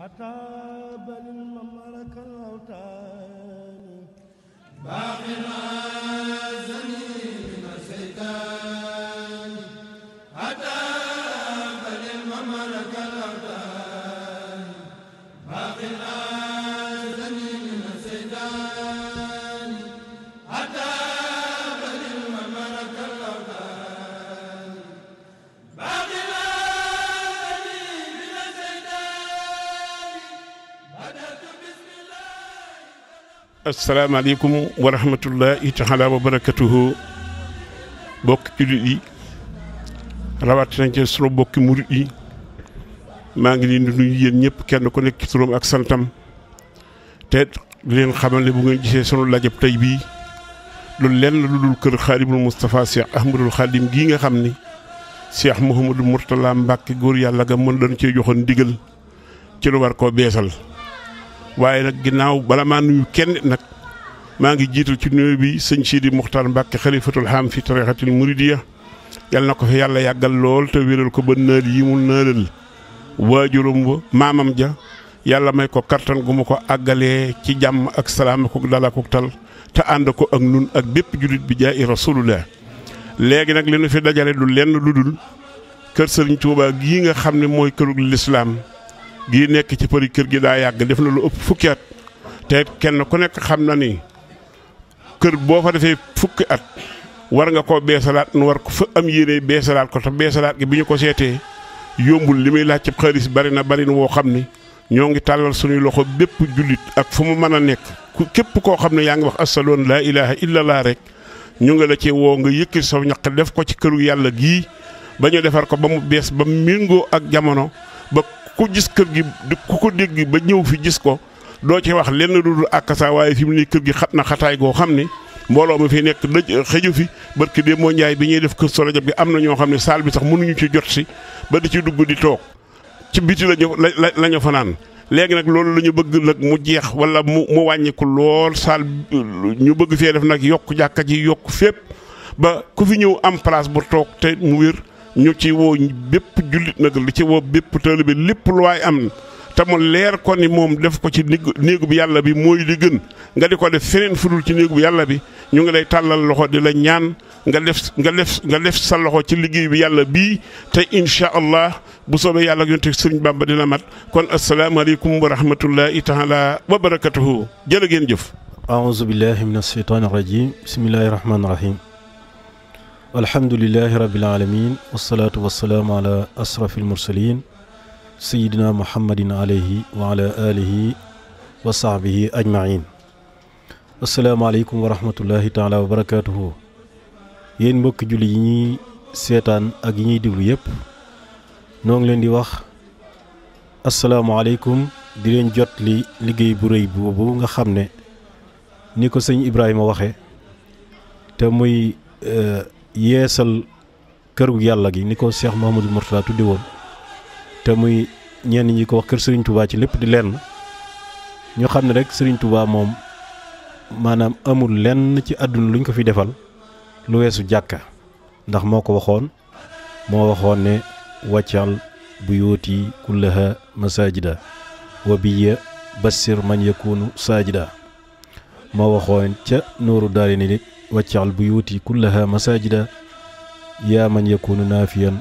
حتى بل المملكة الأوتان باقي asalaamaaleykum wa rahmatullahi taala wa barakatuhu bokk jullit yi nañ ci sunu bokki murit yi maa ngi leen di nuyu yéen ñëpp kenn ku nekk ci turam ak santam te leen xamal ne bu ngeen gisee sunu lajab tey bii lu lenn lu dul kër xaalimul Moustapha Cheikh Ahmadul Xaadim gii nga xam ni Cheikh Mouhamadou Mourtala Mbacke góor yàlla ga mën dañ cee joxoon ndigal ci lu war koo beesal. waaye nag ginnaaw bala maa nuyu kenn nag maa ngi jiital ci nuyu bi sëñ Sidi Muxtaar Mbàkke xalifatul haam fi tariqatil muridiya yal na ko fi yàlla yàggal lool te wéral ko ba nëel yi mu nëelal waajuram wa maamam ja yàlla may ko kattan gu ma ko àggalee ci jàmm ak salaam ko dala ko tal te ànd ko ak nun ak bépp jullit bi jaay i rasulullah léegi nag li nu fi dajale du lenn lu dul kër sëriñ Tuubaa gii nga xam ne mooy këru lislaam gii nekk ci përi kër gi daa yàgg def na lu ëpp fukki at te kenn ku nekk xam na ni kër boo fa defee fukki at war nga koo beesalaat nu war ko fa am yéene beesalaat ko te beesalaat gi bi ñu ko seetee yombul li muy laaj ci xaalis bari na bari na woo xam ni ñoo ngi tàllal suñuy loxo bépp jullit ak fu mu mën a nekk ku képp koo xam ne yaa ngi wax asaloon laa ilaaha illallah rek ñu ngi la ci woo nga yëkkati sa ñaq def ko ci këru yàlla gii ba ñu defar ko ba mu bees ba mu méngoo ak jamono ku gis kër gi ku ko dégg ba ñëw fi gis ko doo ci wax lenn lu dul akasa waaye fi mu ne kër gi xat na xataay goo xam ni mbooloo ma fi nekk dëj xëju fi bët barki dee moo njaay bi ñuy def kër Soro Diop bi am na ñoo xam ne saal bi sax mënuñu ci jot si ba di ci dugg di toog ci biti lañu lañu fanaan léegi nag loolu la ñu bëgg nag mu jeex wala mu mu wàññiku lool saal ñu bëgg fee def nag yokk jàkka ji yokk fépp ba ku fi ñëw am place bu toog te mu wér ñu ci woo bépp jullit nag lu ci woo bépp taalibe bi lépp lu waay am te leer kon ni moom def ko ci néegu bi yàlla bi mooy li gën nga di ko def feneen fudul ci néegu bi yàlla bi ñu ngi lay tàllal loxo di la ñaan nga def nga def nga def sa loxo ci liggéey bi yàlla bii te incha allah bu soobee yàlla ak yonent Sëriñ Bàmba dina mat kon asalaamaaleykum wa rahmatullahi taala wa barakatuhu jërë ngeen jëf. aouzu billahi min asheytaani rajim bismillahi rahmaani rahim. alhamdulilahi rabbil alamin wasalaatu wasalaamu ala ashrafil mursalin sayidina muhammadin alayhi wa ala alihi wa sahbihi ajmain asalaamaaleykum wa rahmatullahi taala wa barakatuhu yéen mbokki julli yi ñuy seetaan ak yi ñuy déglu yépp noo ngi leen di wax asalaamaaleykum di leen jot li liggéey bu rëy boobu nga xam ne ni ko sëñ Ibrahima waxe te muy euh, yeesal kër gu yàlla gi ni ko Cheikh Mouhamadul Mourtada tuddi woon te muy ñenn ñi ko wax kër Serigne Touba ci lépp di lenn ñu xam ne rek sëriñ Touba moom maanaam amul lenn ci àdduna luñ ko fi defal lu weesu jàkka ndax moo ko waxoon moo waxoon ne wàccal bu yóoti kullaha masajida wa biya basir man yakunu sajida moo waxoon ca nooru daari ni waccaxal buyuuti kullaha masajida yaa man yakunu naafiyan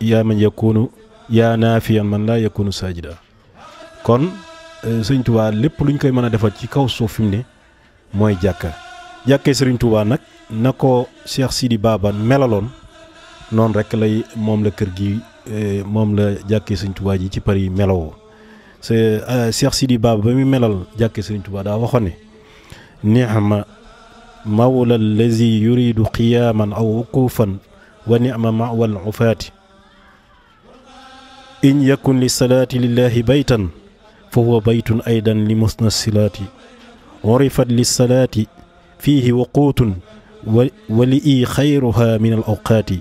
yaa man yakunu yaa naafiyan man laa yakunu saajida kon eh, sëriñ Touba lépp lu ñu koy mën a defal ci kaw suuf fi mu ne mooy jàkka jàkkee sëriñ Touba nag na ko Cheikh Sidi Baba melaloon noonu rek lay moom la kër gi eh, moom la jàkkee sëriñ Touba ji ci Paris melowoo eh, Cheikh Sidi Baba ba muy melal jàkkee sëriñ tubaa daa waxoon ne neexama mawla allazi yuridu qiyaaman aw wuqufan wa nicma mawa alufaati in yakun li salaati lillahi baytan fa huwa baytun aydan li musna silaati urifat li salaati fiihi wuquutun wa li ii xayruha min al awqaati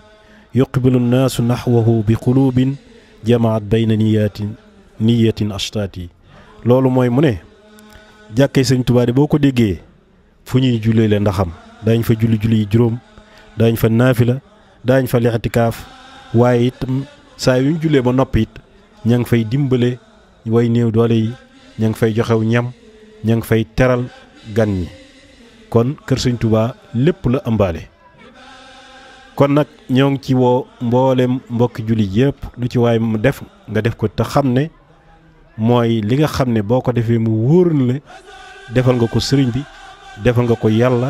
yuqbilu nnaasu naxwahu bi quluubin jamaat bayna niyaatin niyatin ashtaati loolu mooy mu ne jàkkee sëñ Tuubaa de boo ko déggee fu ñuy jullee leen ndaxam daañ fa julli julli yi juróom daañ fa naafi la daañ fa lixtikaaf waaye itam saa yu ñu jullee ba noppi ñaa ngi fay dimbale way néew doole yi ña ngi fay joxew ñam ña ngi fay teral gan yi kon kër Sëñ Tuubaa lépp la ëmbaale kon nag ñoo ngi ci woo mboolem mbokki jullit yëpp lu ci waay mu def nga def ko te xam ne mooy li nga xam ne boo ko defee mu wóor defal nga ko sëriñ bi defal nga ko yàlla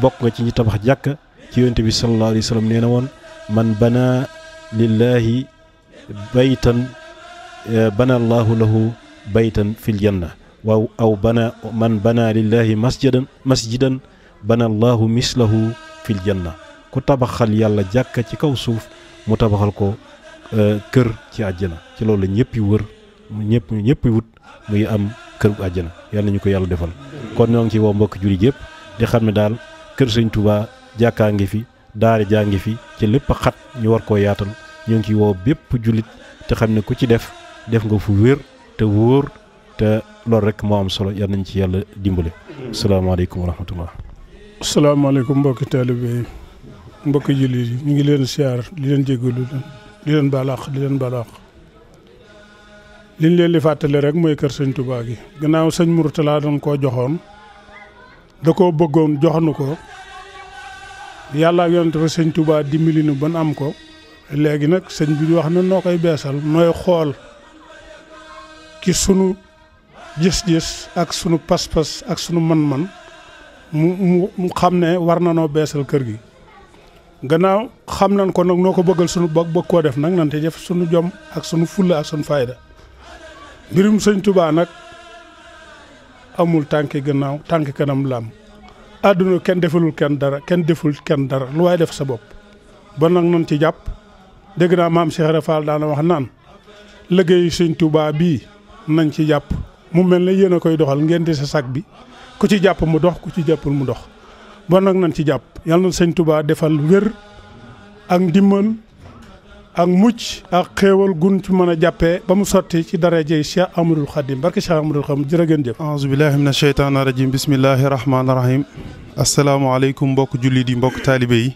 bokk nga ci ñu tabax jàkka ci yonent bi sallallahu alayhi nee na woon man bana lillahi baytan bana allahu lahu baytan fil janna waaw aw bana man bana lillahi masjidan masjidan bana allahu mislahu fil janna ku tabaxal yàlla jàkka ci kaw suuf mu tabaxal ko euh, kër ci àjjana ci loolu la ñëpp yi wër ñëpp ñëpp wut muy am kër gu àjjana yàlla ñu ko yàlla defal kon ñoo ngi ci woo mbokk jullit yëpp di xam ne daal kër sëñ Touba jàkkaa ngi fi daara jaa ngi fi ci lépp xat ñu war koo yaatal ñoo ngi ci woo bépp jullit te xam ne ku ci def def nga fu wér te wóor te lool rek moo am solo yal nañ ci yàlla dimbale. salaamaaleykum wa rahmatullah. salaamaaleykum mbokki taalibe yi mbokki jullit yi ñu ngi leen siyaar li leen jégalu di leen baalaax di leen baalaax. liñ leen li fàttali rek mooy kër sëñ gi gannaaw sëñ laa doon koo joxoon da koo bëggoon joxanu ko yàlla ak yonent fa sëñ Touba dimbali nu ban am ko léegi nag sëñ bi wax na noo koy beesal nooy xool ci sunu gis-gis ak sunu pas-pas ak sunu man-man mu mu xam ne war na noo beesal kër gi gannaaw xam nañ ko nag noo ko bëggal sunu bokk bëgg koo def nag nante def sunu jom ak sunu fulla ak sunu fayda mbirum sëñ Touba nag amul tànki gannaaw tànki kanam la am àdduna kenn defalul kenn dara kenn deful kenn dara lu waay def sa bopp bon nag noonu ci jàpp dégg naa maam Cheikh Rafal daana wax naan liggéeyu sëñ Touba bii nañ ci jàpp mu mel ne yéen koy doxal ngeen di sa sag bi ku ci jàpp mu dox ku ci jàppul mu dox bon nag nañ ci jàpp yàlla na sëñ Touba defal wér ak ndimmal ak mucc ak xéewal gun ci mën a jàppe ba mu sotti ci darajey Cheikh Amadou Khadim barke Cheikh a Khadim jërë ngeen jëf aouzu billahi mina sheytaani rajim bismillahi rahmaani rahim asalaamaaleykum mbokk jullit yi mbokk taalibe yi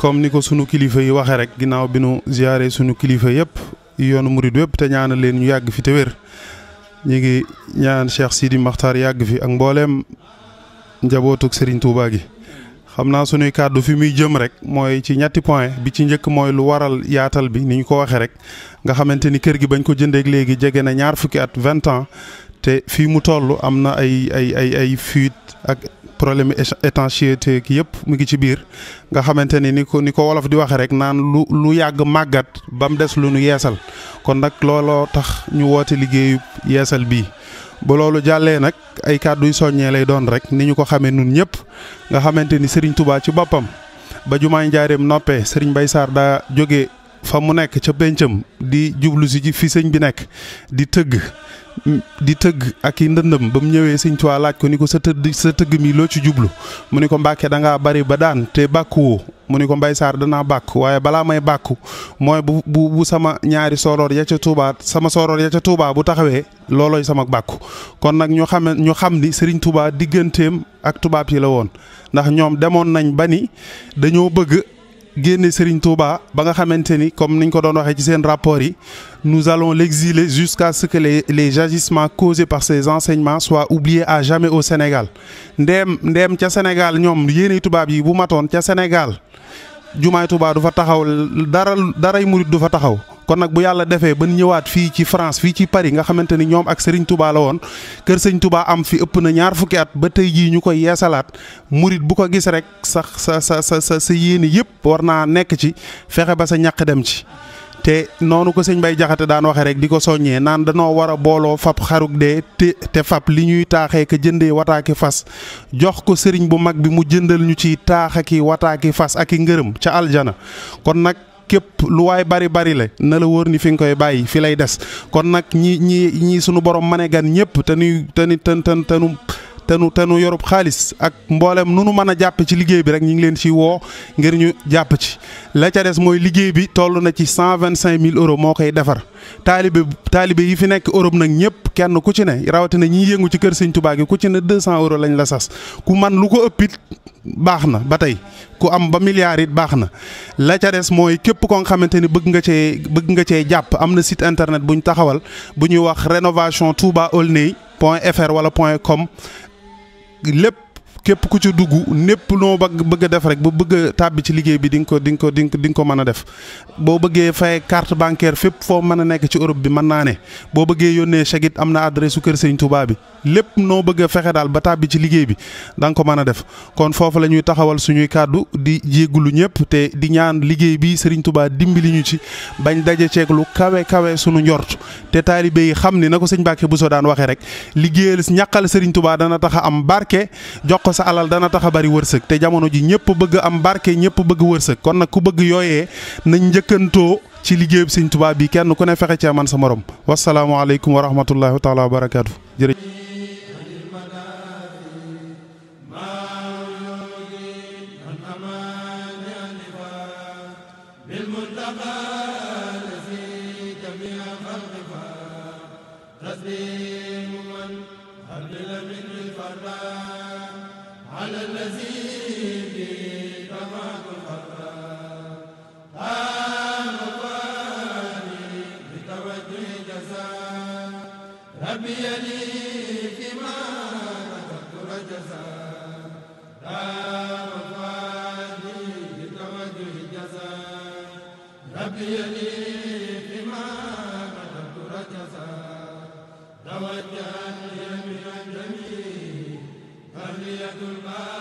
comme ni ko sunu kilifa yi waxee rek ginnaaw bi nu ziyaare sunu kilifa yëpp yoonu murid wépp te ñaanal leen ñu yàgg fi te wér ñu ngi ñaan Cheikh Sidi Makhtar yàgg fi ak mbooleem njabootug Serigne Touba gi xam naa suñuy kàddu fi muy jëm rek mooy ci ñetti point bi ci njëkk mooy lu waral yaatal bi ni ñu ko waxee rek nga xamante ni kër gi bañ ko jëndeek léegi jege na ñaar fukki at vingt ans te fii mu toll am na ay ay ay ay fuite ak problème étanchéité ki yëpp mu ngi ci biir nga xamante ni ni ko ni ko wolof di waxee rek naan lu lu yàgg màggat ba mu des lu nu yeesal kon nag looloo tax ñu woote liggéeyu yeesal bii bu loolu jàllee nag ay kàdduy soññee lay doon rek ni ñu ko xamee nun ñëpp nga xamante ni Serigne Touba ci boppam ba jumaay njaareem noppee Serigne Baye Sarr daa jóge fa mu nekk ca péncam di jublu si ji fi sëñ bi nekk di tëgg di tëgg ak i ndëndëm ba mu ñëwee sëñ Tuubaa laaj ko ni ko sa tëgg sa tëgg mi loo ci jublu mu ni ko Mbàkke da ngaa bari ba daan te bàkkuwoo mu ni ko Mbay Saar danaa bàkk waaye balaa may bàkku mooy bu bu bu sama ñaari sooroor ya ca Tuubaa sama sooroor ya ca Tuubaa bu taxawee loolooy sama bàkku kon nag ñu xam ñu xam ni sëriñ Tuubaa digganteem ak tubaab yi la woon ndax ñoom demoon nañ ba ni dañoo bëgg génne Serigne Touba ba nga xamante ni comme niñ ko doon waxee ci seen rapport yi nous allons l'exiler jusqu'à ce que les les agissements causés par ces enseignements soient oubliés à jamais au Sénégal ndeem ndeem ca Sénégal ñoom yéene tubaab yi bu matoon ca Sénégal jumaay Touba du fa taxaw dara daray murit du fa taxaw kon nag bu yàlla defee ba ñëwaat fii ci France fii ci Paris nga xamante ni ñoom ak sëriñ Touba woon kër Serigne Touba am fi ëpp na ñaar fukki at ba tey jii ñu ko yeesalaat murit bu ko gis rek sax sa sa sa sa sa yéene yëpp war naa nekk ci fexe ba sa ñàq dem ci. te noonu ko sëñ Bay Jaxate daan waxee rek di ko soññee naan danoo war a booloo fab xaruk dee te te fab li ñuy taaxee ko jëndee wataaki fas jox ko sëriñ bu mag bi mu jëndal ñu ci taax aki wataaki fas ak ngërëm ca aljana képp lu waay bari bari la na la wóor ni fi nga koy bàyyi fi lay des kon nag ñi ñii ñii sunu borom mane gan ñëpp te nuy te te te te nu te xaalis ak mboolem nu nu mën a jàpp ci liggéey bi rek ñu ngi leen ci woo ngir ñu jàpp ci la ca mooy liggéey bi toll na ci cent vingt cinq mille euros moo koy defar taalibe taalibe yi fi nekk Europe nag ñëpp kenn ku ci ne rawatina ñiy yëngu ci kër Sëñ Tuubaa gi ku ci ne deux cent euros lañ la sas ku man lu ko ëppit baax na ba tey ku am ba milliards it baax na la mooy képp ko nga xamante ni bëgg nga cee bëgg nga cee jàpp am na site internet bu ñu taxawal bu ñuy wax rénovation touba aulnay point fr wala point com lépp képp ku ci dugg népp noo bëgg a def rek ba bëgg a tàbbi ci liggéey bi di nga ko di nga ko di nga ko mën a def boo bëggee faye carte bancaire fépp foo mën a nekk ci Europe bi mën naa ne boo bëggee yónnee chèque it am na adresse su kër Sëñ Touba bi. lépp noo bëgg fexe daal ba tàbbi ci liggéey bi danga ko mën a def kon foofu la ñuy taxawal suñuy kàddu di jéggulu ñëpp te di ñaan liggéey bi Serigne Touba dimbali ñu ci bañ daje ceeg lu kawe kawe suñu njort te taalibe yi xam ni na ko sëñ bu soo daan waxee rek liggéeyal ñàqal Serigne Touba dana tax am barke jox ko sa alal dana taxa a bari wërsëg te jamono ji ñëpp bëgg am barke ñëpp bëgg wërsëg kon nag ku bëgg yooyee nañ njëkkantoo ci liggéeyub Serigne Touba bi kenn ku ne fexe cee man sa morom wasalaamaaleykum wa rahmatullahi taala wa barakaatu jërëjëf تسليما هب من الفرحان على الذي ربي لي فيما كتبت رجزا دار فادي بتوجه الجزاء ربي لي tahliyatu